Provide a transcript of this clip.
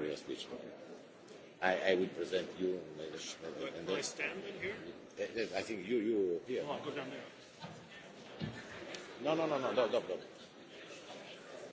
for your speech. I, I will present you. And I stand in here? Eh, eh, I think you, you here. No, I go down there. No, no, no, no, no, no, no.